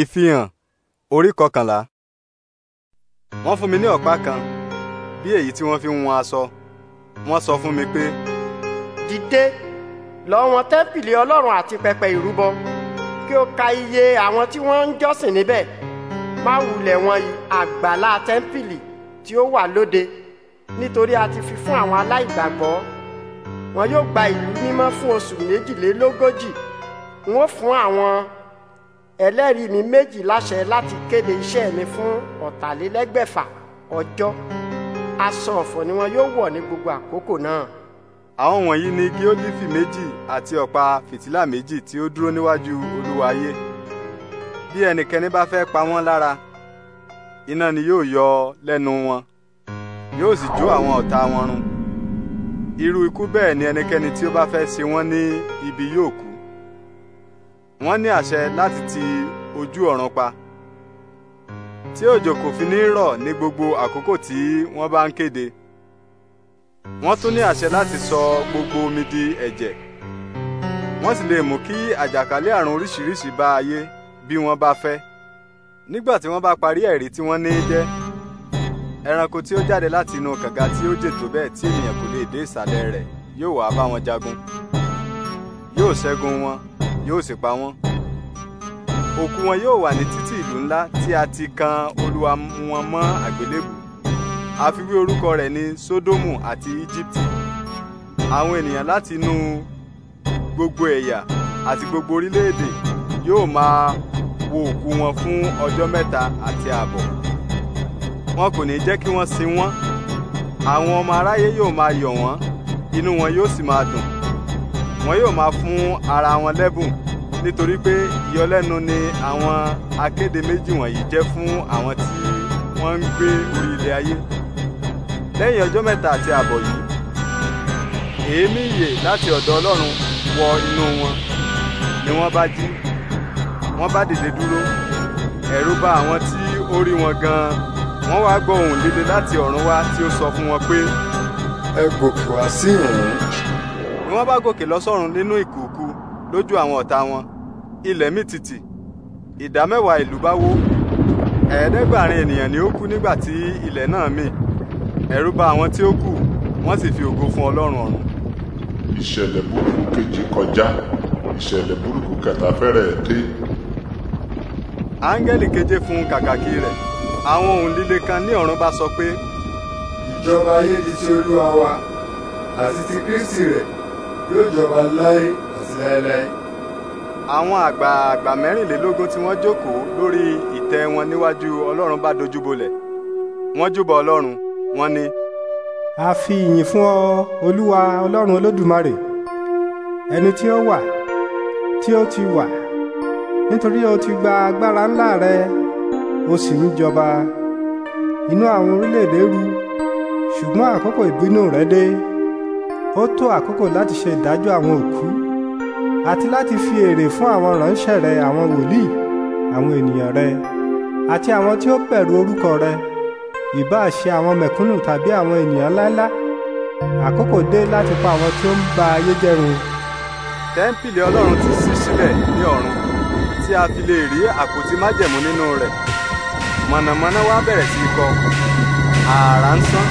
ìfihàn orí kọkànlá wọ́n fún mi ní ọ̀pá kan bí èyí tí wọ́n fi ń wọn aṣọ wọ́n sọ fún mi pé. dìde lọ wọn tẹ́ḿpìlì ọlọ́run àti pẹpẹ ìrúbọ kí o ka iye àwọn tí wọ́n ń jọ́sìn níbẹ̀ má wulẹ̀ wọn àgbàlá tẹ́ḿpìlì tí ó wà lóde nítorí a ti fi fún àwọn aláìgbàgbọ́ wọn yóò gba ìlú mímọ́ fún oṣù méjìlélógójì wọn ó fún àwọn ẹlẹ́rìí mi méjì láṣẹ láti kéde iṣẹ́ mi fún ọ̀tàlélẹ́gbẹ̀fà ọjọ́ aṣọ ọ̀fọ̀ ni wọn yóò wọ̀ ní gbogbo àkókò náà. àwọn wọ̀nyí ni igi ólífì méjì àti ọ̀pá fìtílà méjì tí ó dúró níwájú olúwa ayé bí ẹnikẹ́ni bá fẹ́ pa wọ́n lára iná ni yóò yọ lẹ́nu wọn yóò sì jó àwọn ọ̀tá wọn run irú ikú bẹ́ẹ̀ ni ẹnikẹ́ni tí ó bá fẹ́ ṣe wọ́n ní ibi yóò kú wọ́n ní àṣẹ láti ti ojú ọ̀run pa tí òjò kò fi ní rọ̀ ní gbogbo àkókò tí wọ́n bá ń kéde wọ́n tún ní àṣẹ láti sọ gbogbo omi di ẹ̀jẹ̀ wọ́n sì lè mú kí àjàkálẹ̀ àrùn oríṣiríṣi bá ayé bí wọ́n bá fẹ́ nígbà tí wọ́n bá parí ẹ̀rí tí wọ́n ní jẹ́ ẹranko tí ó jáde láti inú kànga tí ó jètò bẹ́ẹ̀ tí ènìyàn kò lè dé ìsàlẹ̀ rẹ̀ yóò wá bá wọn jagun yóò ṣẹ́gun wọn yóò sì pa wọ́n òkú wọn yóò wà ní títì ìlú ńlá tí a ti kan olúwa wọn mọ́ àgbélébù àfiwé orúkọ rẹ̀ ní sódómù àti íjíbítì àwọn ènìyàn láti inú gbogbo ẹ̀yà àti gbogbo orílẹ̀-èdè yóò máa wo òkú wọn fún ọjọ́ mẹ́ta àti ààbọ̀ wọn kò ní jẹ́ kí wọ́n sin wọ́n àwọn ọmọ aráyé yóò máa yọ̀ wọ́n inú wọn yóò sì máa dùn wọn yóò máa fún ara wọn lẹ́bùn nítorí pé ìyọlẹ́nu ni àwọn akéde méjì wọ̀nyí jẹ́ fún àwọn tí wọ́n ń gbé orí ilẹ̀ ayé lẹ́yìn ọjọ́ mẹ́ta àti àbọ̀ yìí èémí ìyè láti ọ̀dọ̀ Ọlọ́run wọ inú wọn ni wọ́n bá jí wọ́n bá dìde dúró ẹ̀rù bà àwọn tí ó rí wọn gan-an wọ́n wá gbọ́ ohùn líle láti ọ̀run wá tí ó sọ fún wọn pé. ẹ gòkè wá sí ìrìn ni wọ́n bá gòkè lọ sọ́run nínú ìkùukù lójú àwọn ọ̀tá wọn ilẹ̀ mìtìtì ìdá mẹ́wàá ìlú bá wó ẹ̀ẹ́dẹ́gbàrin ènìyàn ni ó kú nígbà tí ilẹ̀ náà mì ẹ̀rù bà àwọn tí ó kù wọ́n sì fi ògo fún ọlọ́run ọ̀run. ìṣẹ̀lẹ̀ burúkú kejì kọjá ìṣẹ̀lẹ̀ burúkú kẹta fẹ́rẹ̀ dé. áńgẹ́lì keje fún kàkàkí rẹ̀ àwọn ohun líle kan ní ọ̀run bá sọ pé. ìjọba ayé di ti olúwa wa àti ti kristi rẹ̀ yóò jọba láé àti láéláé. àwọn àgbààgbà mẹ́rìnlélógún tí wọ́n jókòó lórí ìtẹ́ wọn níwájú ọlọ́run bá dojúbolẹ̀ wọ́n júbọ ọlọ́run wọ́n ní. a fi ìyìn fún ọ olúwa ọlọ́run olódùmarè ẹni tí ó wà tí ó ti wà nítorí o ti gba agbára ńlá rẹ o sì ń jọba inú àwọn orílẹ̀-èdè ru ṣùgbọ́n àkókò ìbínú rẹ dé ó tó àkókò láti ṣe ìdájọ́ àwọn òkú àti láti fi èrè fún àwọn ránṣẹ́ rẹ àwọn wòlíì àwọn ènìyàn rẹ àti àwọn tí ó bẹ̀rù orúkọ rẹ ìbáà ṣe àwọn mẹ̀kúnnù tàbí àwọn ènìyàn ńláńlá àkókò dé láti pa àwọn tí ó ń ba ayé jẹ́ run. tẹ́ḿpìlì ọlọ́run ti ṣí sílẹ̀ ní ọ̀run tí a fi lè rí àpótí májẹ̀mú nínú rẹ̀ mọ̀nàmọ́ná wá bẹ̀rẹ̀ sí í kọ ààrá ń sán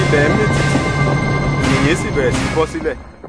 ilẹ̀ ń mì tìtì ìyẹn sì bẹ̀rẹ̀ sí bọ́ sílẹ̀